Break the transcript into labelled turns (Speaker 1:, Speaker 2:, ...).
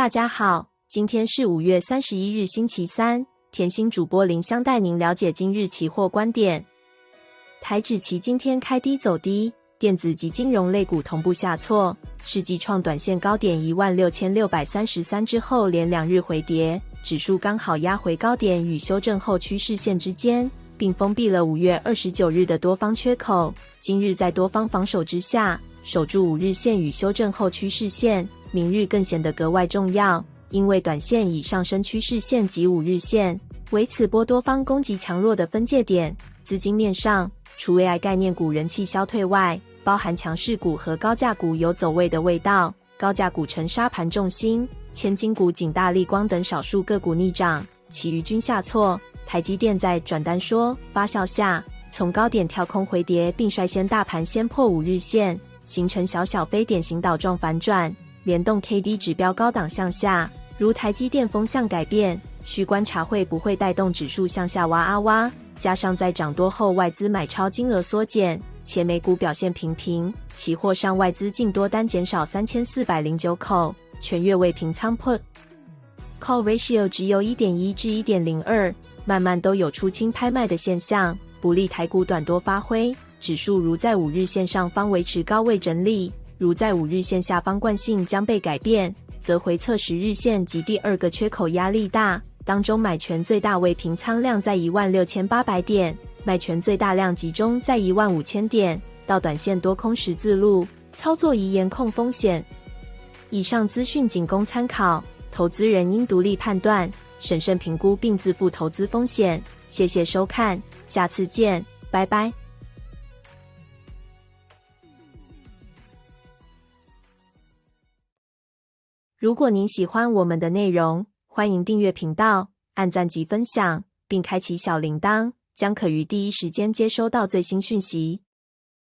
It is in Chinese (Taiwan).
Speaker 1: 大家好，今天是五月三十一日，星期三。甜心主播林香帶您了解今日期貨觀點。台指期今天開低走低，電子及金融類股同步下挫，是繼創短線高點一萬六千六百三十三之後連兩日回跌，指數剛好壓回高點與修正後趨勢線之間，並封閉了五月二十九日的多方缺口。今日在多方防守之下，守住五日線與修正後趨勢線。明日更顯得格外重要，因為短線以上升趨勢線及五日線為此波多方攻擊強弱的分界點。資金面上，除 AI 概念股人氣消退外，包含強勢股和高價股有走味的味道。高價股成殺盤重心，千金股僅大立光等少數個股逆漲，其餘均下挫。台積電在轉單說發酵下，從高點跳空回跌，並率先大盤先破五日線，形成小小非典型島狀反轉。聯動 KD 指標高檔向下，如台積電風向改變，需觀察會不會帶動指數向下挖啊挖。加上在漲多後，外資買超金額縮減，且美股表現平平，期貨上外資淨多單減少三千四百零九口，全月未平倉 Put Call Ratio 值由一點一至一點零二，慢慢都有出清拍賣的現象，不利台股短多發揮。指數如在五日線上方維持高位整理。如在五日線下方慣性將被改變，則回測十日線及第二個缺口壓力大，當中買權最大未平倉量在一萬六千八百點，賣權最大量集中在一萬五千點。到短線多空十字路，操作宜嚴控風險。以上資訊僅供參考，投資人應獨立判斷，審慎評估並自負投資風險。謝謝收看，下次見，拜拜。如果您喜歡我們的內容，歡迎訂閱頻道，按贊及分享，並開啟小鈴鐺，將可於第一時間接收到最新訊息。